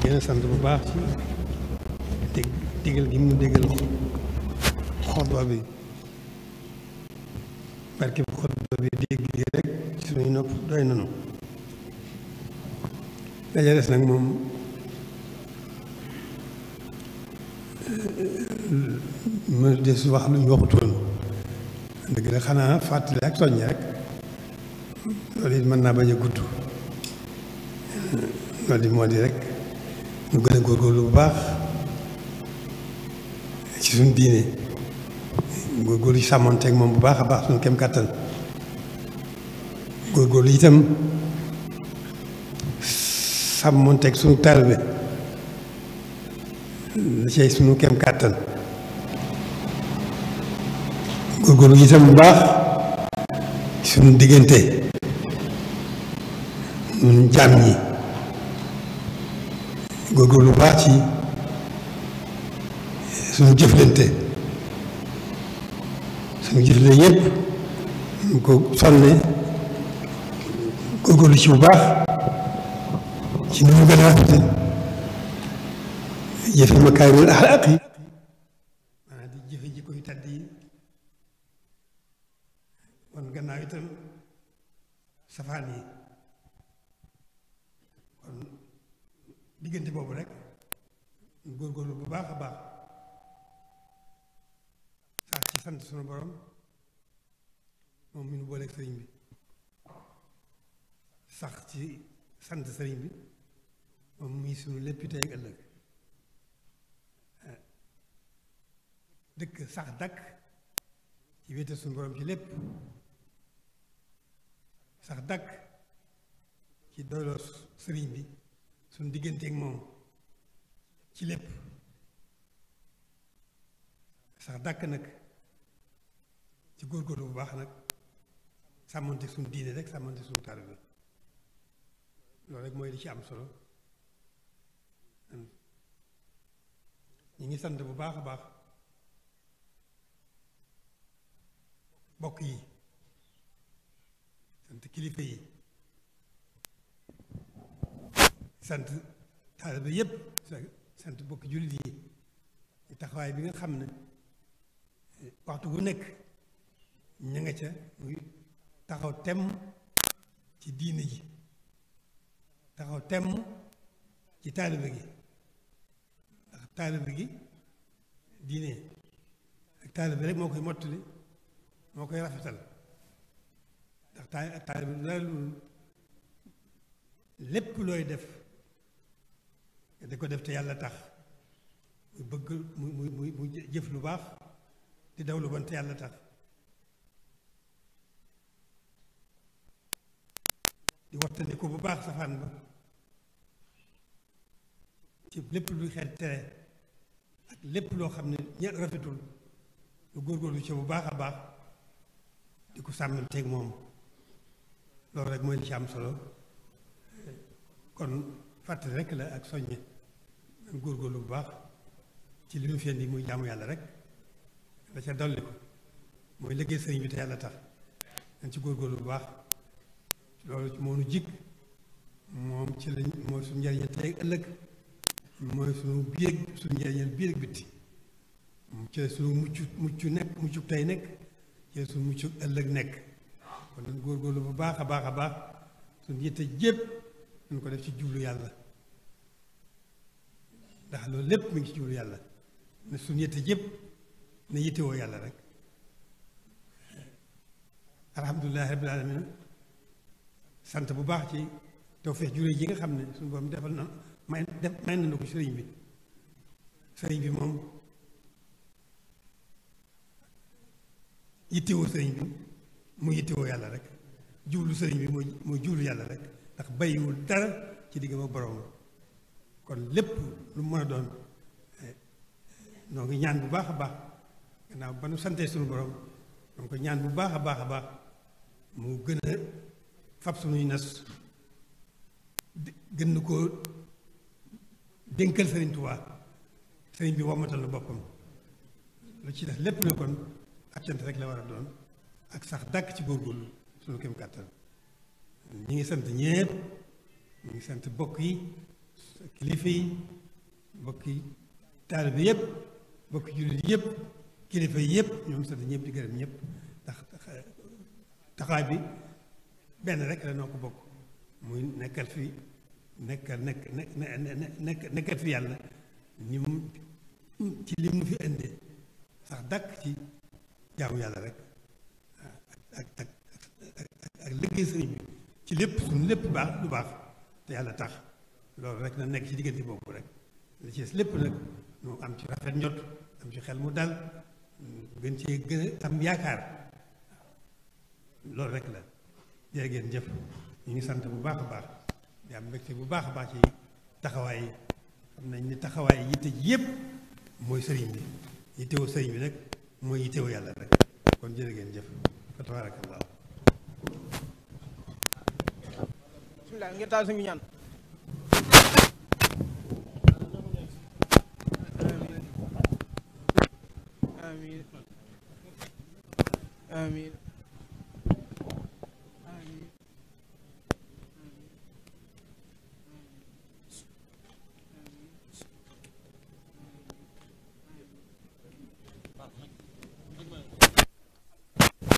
gën sant bu baax ci dég digal gi mu dégal xutba bi barke bu xutba bi dégg gi rek suñuy nopp doy nanu daja des nag moom euh, ma des wax lu ñu waxutoon dëgg la xanaa fàttali ak soññ rek loolu it mën naa bañ a gudd loolu it moo di rek nu gën a góorgóorlu bu baax ci suñu góor góorgóorlu ci sàmmonteeg moom bu baax a baax suñu kem kàttan góorgóorlu itam sàmmonteeg suñu taalibe la cay suñu kem kàttan góorgóorlu itam bu baax suñu diggante ñun jaam ñi góorgóorlu baax ci suñu jëflante suñu jëflante yépp ñu ko sonne góorgóorlu ci bu baax ci nu mu gën a rafete jëfe makaarimul axlaaq yi maanaam di jikko yu tàdd wan gannaaw itam safaan yi diggante boobu rek góorgóorlu bu baax a baax sax ci sant sunu borom moom mi sëriñ bi sax ci sant sëriñ bi moom muy sunu lépp tey ak ëllëg dëkk sax dakk ci wéete sunu borom ci lépp sax dakk ci doyloo sëriñ bi suñu digganteeg moom ci lépp sax dàkk nag ci góor góor bu baax nag sàmmante suñu diine rek sàmmante suñu taalibe loolu rek mooy li ci am solo ñu ngi sant bu baax baax bokk yi sant kilifa yi sant taaliba yépp sant bokk jullit yi ci taxawaay bi nga xam ne waxtu gu nekk ña nga ca taxaw temm ci diine ji taxaw temm ci taaliba gi ndax taaliba gi diine ak taaliba rek moo koy mottali moo koy rafetal ndax taaliba lu lépp looy def di ko def te yàlla tax mu bëgg mu mu mu jëf lu baax di daw lu bon te yàlla tax di wattandi ko bu baax safaan ba ci lépp luy xeet ak lépp loo xam ne ñett rafetul lu góorgóorlu ci bu baax a baax di ko sàmmil teeg moom loolu rek mooy li ci am solo kon fàttali rek la ak soññe góorgóorlu bu baax ci li mu fi indi muy jàmm yàlla rek la ca dolli ko mooy liggéey sëriñ bi yàlla tax dañ ci góorgóorlu bu baax loolu moo nu jig moom ci lañ mooy suñu njariñal tey ëllëg mooy suñu biir suñu njariñal biir bitti ci la suñu mucc mucc nekk muccu tey nekk ci la suñu muccu ëllëg nekk kon nañ góorlu bu baax a baax a baax suñu yitte jépp nañ ko def ci jublu yàlla ndax loolu lépp mu ngi ci jublu yàlla ne suñu yëtte jëpp ne yittewoo yàlla rek alhamdulilahi rabbil alamin sant bu baax ci tawfeex jure ji nga xam ne suñu borom defal na may def may na ko sëriñ bi sëriñ bi moom yittewoo sëriñ bi mu yittewoo yàlla rek jublu sëriñ bi mooy mooy jublu yàlla rek ndax bàyyiwul dara ci digg ba borom kon lépp lu mën a doon eh, noo ngi ñaan bu baax a baax gannaaw ba nu santee suñu borom noo ko ñaan bu baax a baax a baax mu gën a fab suñuy nas gën koo dénkal sëriñ Tuubaa sëriñ bi wommatal lu boppam lu ci def lépp na kon ak cant rek la war a doon ak sax dàkk ci góorgóorlu suñu kéem kàttan ñi ngi sant ñépp ñi ngi sant bokk yi kilifa yi mbokki taalibe yëpp mbokki jullit yëpp kilifa yi yëpp ñoom sant ñëpp di gërëm ñëpp ndax taxawaay bi benn rek la noo ko bokk muy nekkal fi nekkal nekk nekkal fi yàlla ni mu ci lim mu fi indee sax dàkk ci jaamu yàlla rek ak ak ak liggéey sëriñ bi ci lépp suñu lépp baax lu baax te yàlla tax loolu rek na nekk ci diggante boobu rek li ci lépp nag mu am ci rafet njot am ci xel mu dal gën cee gën am yaakaar loolu rek la jërë ngeen jëf ñu ngi sant bu baax a baax di am mbégte bu baax a baax ci taxawaay yi xam nañ ni taxawaay yitte ji yépp mooy sëriñ bi yittewoo sëriñ bi nag mooy yittewoo yàlla rek kon jërë ngeen jëf fa tabaarakallah bismillah ngir amiin amiin